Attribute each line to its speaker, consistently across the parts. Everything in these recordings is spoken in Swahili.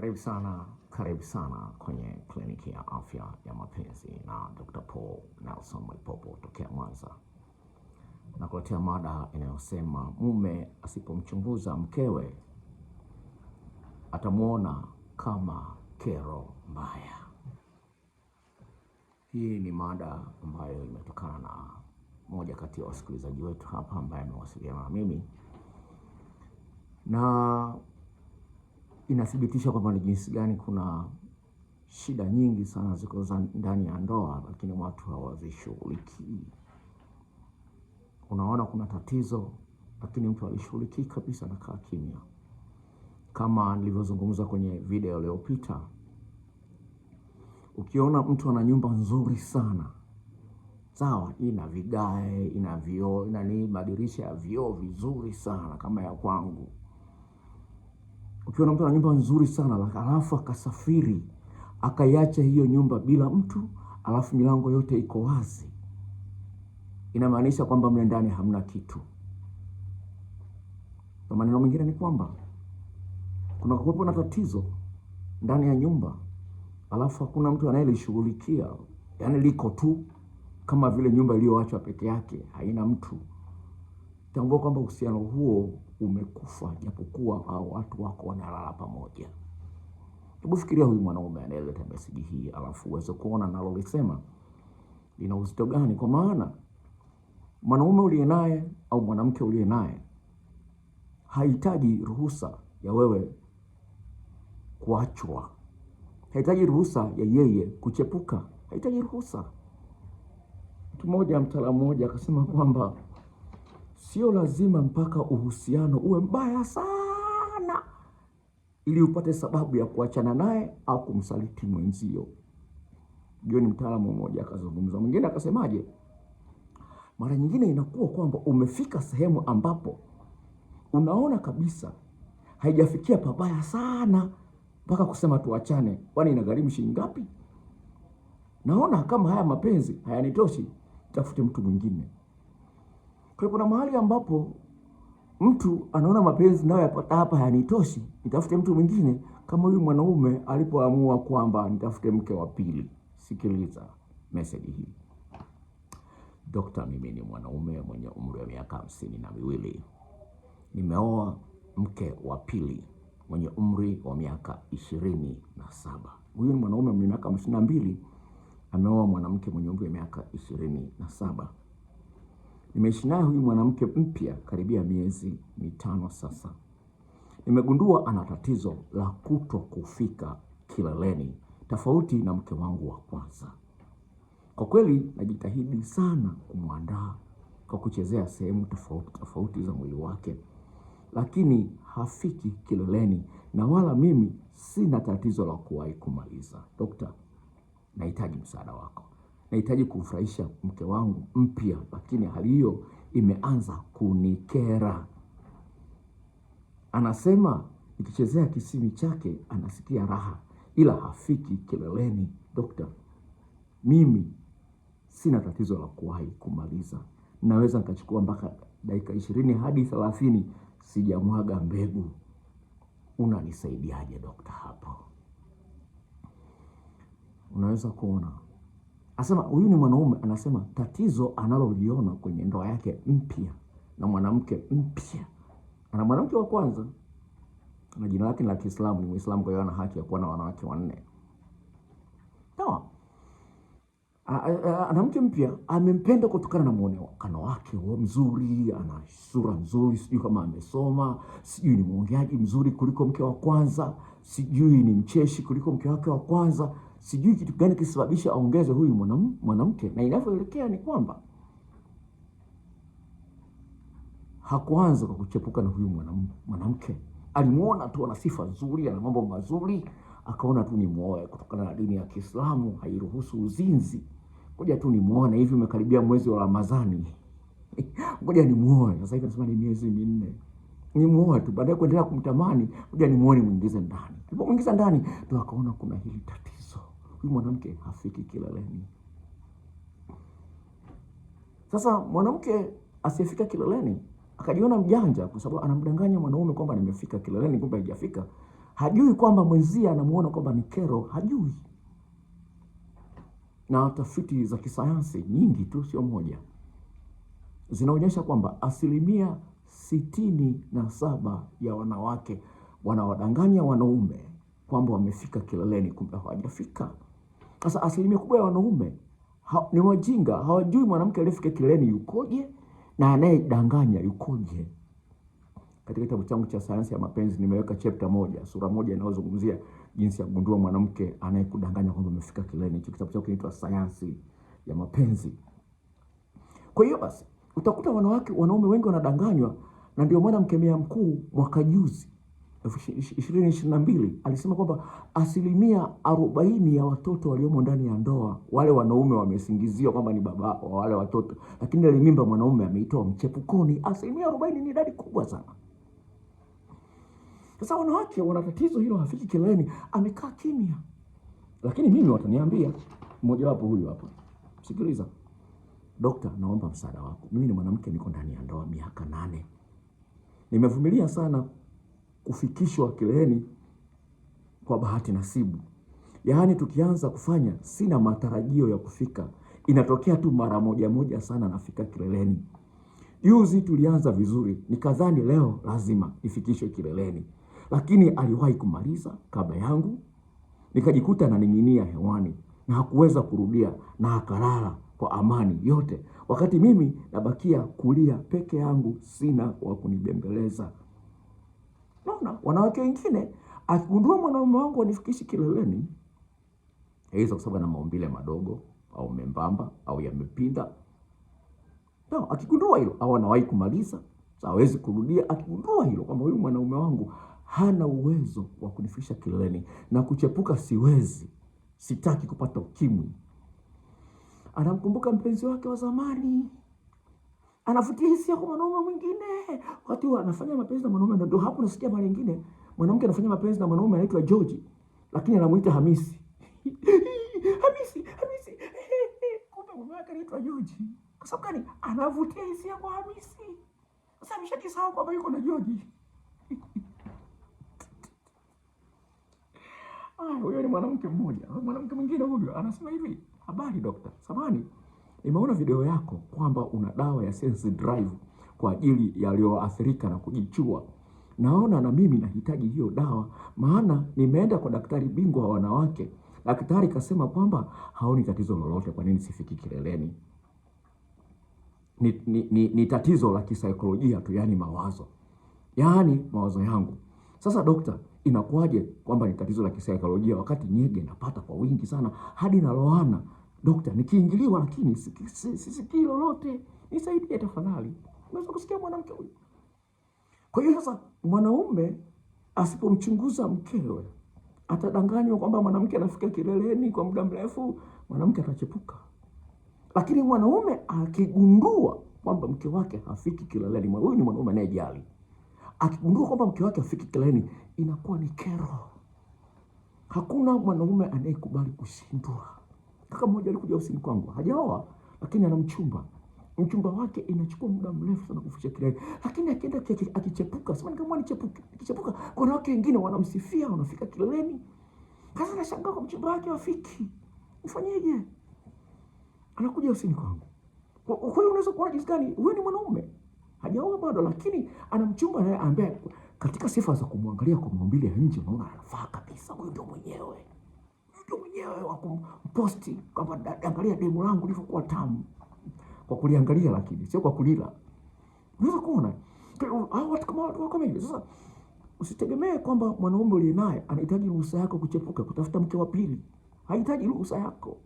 Speaker 1: Karibu sana, karibu sana kwenye kliniki ya afya ya mapenzi na Dr. Paul Nelson Mwaipopo tokea Mwanza. Nakuletea mada inayosema mume asipomchunguza mkewe atamwona kama kero mbaya. Hii ni mada ambayo imetokana na moja kati ya wasikilizaji wetu hapa ambaye amewasiliana na mimi na inathibitisha kwamba ni jinsi gani kuna shida nyingi sana ziko ndani ya ndoa, lakini watu hawazishughulikii. Unaona kuna tatizo, lakini mtu alishughulikii kabisa, anakaa kimya. Kama nilivyozungumza kwenye video iliyopita, ukiona mtu ana nyumba nzuri sana sawa, ina vigae, ina vioo, ina nini, madirisha ya vioo vizuri sana kama ya kwangu ukiwa na mtu ana nyumba nzuri sana alafu akasafiri akaiacha hiyo nyumba bila mtu, alafu milango yote iko wazi, inamaanisha kwamba mle ndani hamna kitu. Kwa maneno mengine ni kwamba kuna kuwepo na tatizo ndani ya nyumba, alafu hakuna mtu anayelishughulikia, yaani liko tu kama vile nyumba iliyoachwa peke yake, haina mtu tambua kwamba uhusiano huo umekufa, japokuwa watu wako wanalala pamoja. Hebu fikiria huyu mwanaume anayeleta meseji hii, alafu uweze kuona nalolisema lina uzito gani, kwa maana mwanaume uliye naye au mwanamke uliye naye hahitaji ruhusa ya wewe kuachwa, hahitaji ruhusa ya yeye kuchepuka, hahitaji ruhusa. Mtu mmoja, mtaalamu mmoja akasema kwamba Sio lazima mpaka uhusiano uwe mbaya sana ili upate sababu ya kuachana naye au kumsaliti mwenzio. Jioni mtaalamu mmoja akazungumza, mwingine akasemaje, mara nyingine inakuwa kwamba umefika sehemu ambapo unaona kabisa haijafikia pabaya sana mpaka kusema tuachane, kwani inagharimu shilingi ngapi? Naona kama haya mapenzi hayanitoshi, tafute mtu mwingine. Kwa hiyo kuna mahali ambapo mtu anaona mapenzi nayo yapata hapa yanitoshi, nitafute mtu mwingine, kama huyu mwanaume alipoamua kwamba nitafute mke wa pili. Sikiliza message hii. Dokta, mimi ni mwanaume mwenye umri wa miaka hamsini na miwili. Nimeoa mke wa pili mwenye umri wa miaka ishirini na saba. Huyu ni mwanaume mwenye miaka hamsini na mbili ameoa mwanamke mwenye umri wa miaka ishirini na saba. Nimeishi naye huyu mwanamke mpya karibia miezi mitano sasa. Nimegundua ana tatizo la kutwa kufika kileleni, tofauti na mke wangu wa kwanza. Kwa kweli najitahidi sana kumwandaa kwa kuchezea sehemu tofauti tofauti za mwili wake, lakini hafiki kileleni, na wala mimi sina tatizo la kuwahi kumaliza. Dokta, nahitaji msaada wako nahitaji kumfurahisha mke wangu mpya, lakini hali hiyo imeanza kunikera. Anasema nikichezea kisimi chake anasikia raha, ila hafiki kileleni. Dokta, mimi sina tatizo la kuwahi kumaliza, naweza nikachukua mpaka dakika ishirini hadi thelathini, sijamwaga mbegu. Unanisaidiaje dokta hapo? Unaweza kuona Anasema huyu ni mwanaume, anasema tatizo analoliona kwenye ndoa yake mpya na mwanamke mpya, ana mwanamke wa kwanza na jina lake la Kiislamu, ni Muislamu, kwa hiyo ana haki ya kuwa na wanawake wanne. Sawa, mke mpya amempenda kutokana na muonekano wake mzuri, ana sura nzuri, sijui kama amesoma, sijui ni mwongeaji mzuri kuliko mke wa kwanza, sijui ni mcheshi kuliko mke wake wa kwanza Sijui kitu gani kisababisha aongeze huyu mwanamke na inavyoelekea ni kwamba hakuanza kwa kuchepuka na huyu mwanamke mwanam, alimwona tu ana sifa nzuri, ana mambo mazuri, akaona tu ni muoe, kutokana na dini ya Kiislamu hairuhusu uzinzi. Ngoja tu ni muoe, hivi umekaribia mwezi wa Ramadhani ngoja ni muoe sasa hivi, anasema ni miezi minne ni muoe tu, baadaye kuendelea kumtamani, ngoja ni muone, mwingize ndani. Alipomwingiza ndani, ndo akaona kuna hili tatizo huyu mwanamke hafiki kileleni. Sasa mwanamke asiyefika kileleni akajiona mjanja, kwa sababu anamdanganya mwanaume kwamba nimefika kileleni, kumbe hajafika. Hajui kwamba mwenzie anamuona kwamba ni kero, hajui. Na tafiti za kisayansi nyingi tu, sio moja, zinaonyesha kwamba asilimia sitini na saba ya wanawake wanawadanganya wanaume kwamba wamefika kileleni, kumbe hawajafika. Sasa asilimia kubwa ya wanaume ha, ni wajinga, hawajui mwanamke aliyefika kileni yukoje na anayedanganya yukoje. Katika kitabu changu cha sayansi ya mapenzi nimeweka chapter moja, sura moja inayozungumzia jinsi ya kugundua mwanamke anayekudanganya kwamba amefika kileni. Hicho kitabu changu kinaitwa sayansi ya mapenzi. Kwa hiyo basi utakuta wanawake, wanaume wengi wanadanganywa, na ndio maana mkemia mkuu mwaka juzi 2022 alisema kwamba asilimia arobaini ya watoto waliomo ndani ya ndoa, wale wanaume wamesingiziwa kwamba ni baba wa wale watoto, lakini ile mimba mwanaume ameitoa mchepukoni. Asilimia arobaini ni idadi kubwa sana. Sasa wanawake wana tatizo hilo, hafiki kileleni, amekaa kimya. Lakini mimi wataniambia, mmojawapo huyu hapa, sikiliza dokta, naomba msaada wako. Mimi ni mwanamke, niko ndani ya ndoa miaka nane, nimevumilia sana kufikishwa kileleni kwa bahati nasibu, yaani tukianza kufanya sina matarajio ya kufika, inatokea tu mara moja moja sana, nafika kileleni. Juzi tulianza vizuri, nikadhani leo lazima nifikishwe kileleni, lakini aliwahi kumaliza kabla yangu, nikajikuta naning'inia hewani na hakuweza kurudia na akalala kwa amani yote, wakati mimi nabakia kulia peke yangu, sina wa kunibembeleza. Naona wanawake wengine akigundua mwanaume wangu anifikishi kileleni, hizo kwa sababu ana maumbile madogo au membamba au yamepinda. No, akigundua hilo au anawahi kumaliza hawezi kurudia. Akigundua hilo kwamba huyu mwanaume wangu hana uwezo wa kunifikisha kileleni na kuchepuka, siwezi, sitaki kupata ukimwi, anamkumbuka mpenzi wake wa zamani anavutia hisia kwa mwanaume mwingine. wakati huo anafanya mapenzi na mwanaume, ndio hapo unasikia mara nyingine mwanamke anafanya mapenzi na mwanaume anaitwa George, lakini anamuita Hamisi. Hamisi, Hamisi. Kumbe mume wake anaitwa George. Kwa sababu gani? Anavutia hisia kwa Hamisi. Sasa ameshajisahau kwamba yuko na George. Ah, huyo ni mwanamke mmoja. Mwanamke mwingine huyo anasema hivi, "Habari dokta, samani." Nimeona video yako kwamba una dawa ya Sense Drive kwa ajili yaliyoathirika na kujichua. Naona na mimi nahitaji hiyo dawa, maana nimeenda kwa daktari bingwa wa wanawake, daktari kasema kwamba haoni tatizo lolote. Kwa nini sifiki kileleni? Ni, ni, ni, ni tatizo la kisaikolojia tu, yani mawazo, yaani mawazo yangu. Sasa dokta, inakuwaje kwamba ni tatizo la kisaikolojia wakati nyege napata kwa wingi sana hadi naloana? Dokta, nikiingiliwa lakini sisikii lolote, nisaidie tafadhali. Unaweza kusikia mwanamke huyu. Kwa hiyo sasa, mwanaume asipomchunguza mkewe atadanganywa kwamba mwanamke anafika kileleni kwa muda mrefu, mwanamke atachepuka. Lakini mwanaume akigundua kwamba mke wake hafiki kileleni, huyu ni mwanaume anayejali, akigundua kwamba mke wake hafiki kileleni, inakuwa ni kero. Hakuna mwanaume anayekubali kushindwa. Kaka mmoja alikuja ofisini kwangu, hajaoa lakini ana mchumba. Mchumba wake inachukua muda mrefu sana kuficha kilele, lakini akienda akichepuka, sema nikamwona nichepuke, akichepuka kuna wake wengine wanamsifia, wanafika kileleni. Sasa nashangaa kwa mchumba wake wafiki, ufanyeje? Anakuja ofisini kwangu. Kwa hiyo unaweza kuona jinsi gani huyu ni mwanaume hajaoa bado, lakini ana mchumba naye ambaye katika sifa za kumwangalia kwa maumbile ya nje unaona anafaa kabisa, huyu ndio mwenyewe mtu mwenyewe wa kumposti kwamba angalia demu langu lilivyokuwa tamu, kwa kuliangalia, lakini sio kwa kulila. Unaweza kuona hao watu kama watu kama hivi. Sasa usitegemee kwamba mwanaume uliye naye anahitaji ruhusa yako kuchepuka kutafuta mke wa pili, hahitaji ruhusa yako.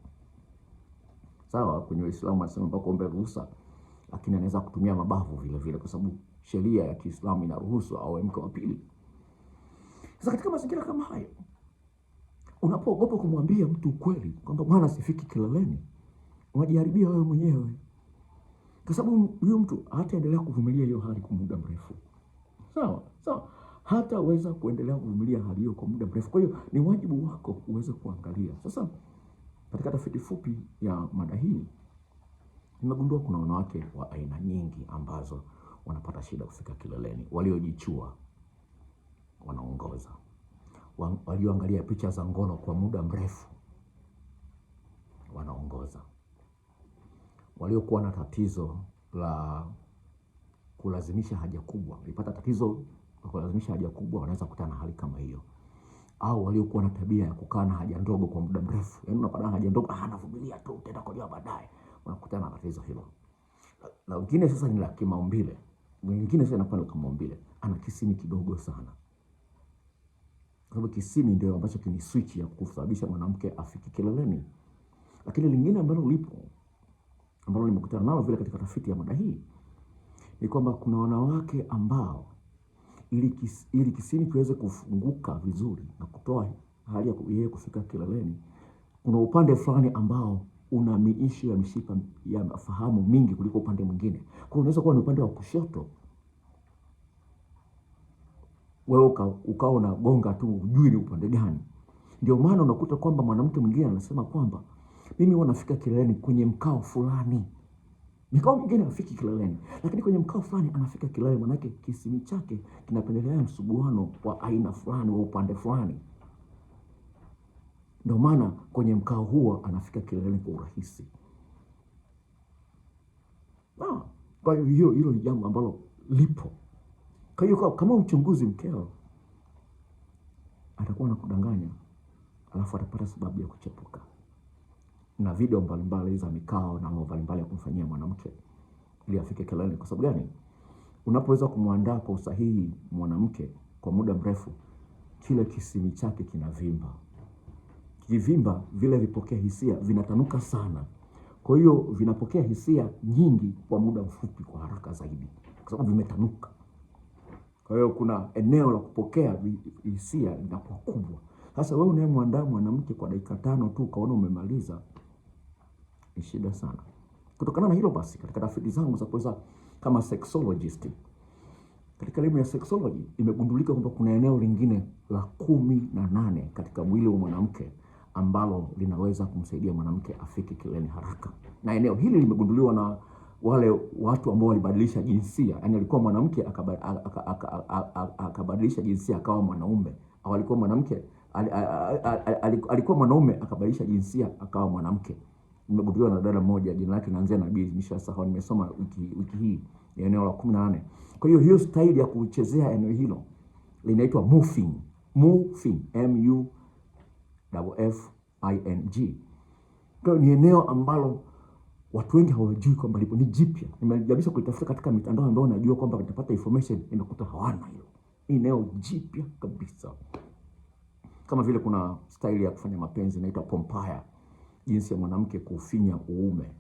Speaker 1: Sawa, kwenye Uislamu anasema mpaka ombe ruhusa, lakini anaweza kutumia mabavu vile vile, kwa sababu sheria ya Kiislamu inaruhusu awe mke wa pili. Sasa katika mazingira kama hayo unapoogopa kumwambia mtu ukweli kwamba bwana, sifiki kileleni, unajiharibia wewe mwenyewe, kwa sababu huyo mtu hataendelea kuvumilia hiyo hali kwa muda mrefu. Sawa sawa, hataweza kuendelea kuvumilia hali hiyo kwa muda mrefu. Kwa hiyo ni wajibu wako uweze kuangalia. Sasa katika tafiti fupi ya mada hii nimegundua kuna wanawake wa aina nyingi ambazo wanapata shida kufika kileleni, waliojichua wanaongoza walioangalia picha za ngono kwa muda mrefu wanaongoza. Waliokuwa na tatizo la kulazimisha haja kubwa, walipata tatizo la kulazimisha haja kubwa, wanaweza kukutana na hali kama hiyo, au waliokuwa na tabia ya kukaa na haja ndogo kwa muda mrefu, yaani unapata haja ndogo, ah, navumilia tu, kujua baadaye, unakutana na tatizo hilo. Na wengine sasa ni la kimaumbile, mwingine sasa inakuwa ni kimaumbile, ana kisimi kidogo sana kwa sababu kisimi ndio ambacho kini switch ya kusababisha mwanamke afike kileleni. Lakini lingine ambalo lipo ambalo nimekutana nalo vile katika tafiti ya mada hii ni kwamba kuna wanawake ambao ili, kis, ili kisimi kiweze kufunguka vizuri na kutoa hali ya yeye kufika kileleni, kuna upande fulani ambao una miisho ya mishipa ya fahamu mingi kuliko upande mwingine. Kwa hiyo unaweza kuwa ni upande wa kushoto wewe ukawa unagonga tu, ujui ni upande gani. Ndio maana unakuta kwamba mwanamke mwingine anasema kwamba mimi huwa nafika kileleni kwenye mkao fulani. mikao mingine hafiki kileleni, lakini kwenye mkao fulani anafika kileleni, manake kisimi chake kinapendelea msuguano wa aina fulani, wa upande fulani. Ndio maana kwenye mkao huo anafika kileleni kwa urahisi. Ah, kwa hiyo hilo ni jambo ambalo lipo. Kwa hiyo kama uchunguzi mkeo atakuwa anakudanganya, alafu atapata sababu ya kuchepuka na video mbalimbali za mikao na mambo mbalimbali ya kumfanyia mwanamke ili afike kileleni. Kwa sababu gani? Unapoweza kumwandaa kwa usahihi mwanamke kwa muda mrefu, kile kisimi chake kinavimba. Kivimba, vile vipokea hisia vinatanuka sana, kwa hiyo vinapokea hisia nyingi kwa muda mfupi, kwa haraka zaidi, kwa sababu vimetanuka. Kwa hiyo kuna eneo la kupokea hisia linakuwa kubwa. Sasa wewe unayemwandaa mwanamke kwa dakika tano tu ukaona umemaliza, ni shida sana. Kutokana na hilo basi, katika tafiti zangu za kuweza kama sexologist, katika elimu ya sexology imegundulika kwamba kuna eneo lingine la kumi na nane katika mwili wa mwanamke ambalo linaweza kumsaidia mwanamke afike kileni haraka, na eneo hili limegunduliwa na wale watu ambao walibadilisha jinsia, yani alikuwa mwanamke akabadilisha aka, aka, aka jinsia akawa mwanaume, au alikuwa mwanamke alikuwa mwanaume akabadilisha jinsia akawa mwanamke. Nimegunduliwa na dada mmoja, jina lake naanzia na B, nimeshasahau, nimesoma wiki, wiki hii ni eneo la 18. Kwa hiyo hiyo staili ya kuchezea eneo hilo linaitwa muffing, muffing m u f i n g. Kwa hiyo ni eneo ambalo watu wengi hawajui kwamba lipo ni jipya. Nimejaribu kulitafuta katika mitandao ambayo najua kwamba nitapata information, nimekuta hawana hilo. Eneo jipya kabisa. Kama vile kuna staili ya kufanya mapenzi inaitwa pompaya, jinsi ya mwanamke kufinya uume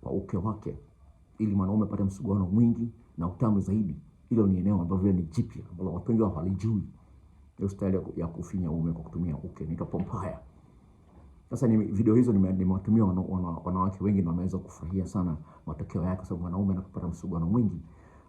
Speaker 1: kwa uke wake ili mwanaume apate msuguano mwingi na utamu zaidi. Hilo ni eneo ambalo ni jipya ambalo watu wengi hawalijui. Hiyo staili ya kufinya uume kwa kutumia uke inaitwa pompaya. Sasa ni video hizo nimewatumia wana, wana, wanawake wengi na wameweza kufurahia sana matokeo yake, sababu mwanaume anapopata msuguano mwingi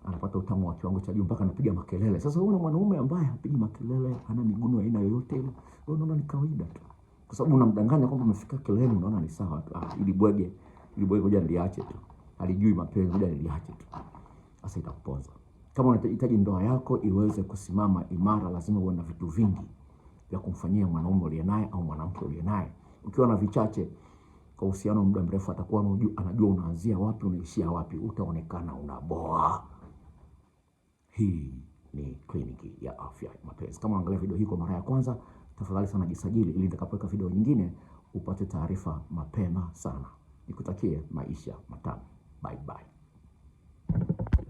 Speaker 1: anapata utamu wa kiwango cha juu mpaka anapiga makelele. Sasa wewe mwanaume ambaye hapigi makelele, hana miguno aina yoyote ile, wewe unaona ni kawaida tu, kwa sababu unamdanganya kwamba umefika kilele, unaona ni sawa tu. Ah, ili bwege ili bwege, ngoja niliache tu, alijui mapenzi, ngoja niliache tu. Sasa itakuponza. Kama unahitaji ndoa yako iweze kusimama imara, lazima uwe na vitu vingi vya kumfanyia mwanaume uliye naye au mwanamke uliye naye ukiwa na vichache kwa uhusiano muda mrefu, atakuwa anajua unaanzia wapi unaishia wapi, utaonekana unaboa. Hii ni kliniki ya afya mapenzi. Kama unaangalia video hii kwa mara ya kwanza, tafadhali sana jisajili, ili nitakapoweka video nyingine upate taarifa mapema sana. Nikutakie maisha matamu. Bye bye.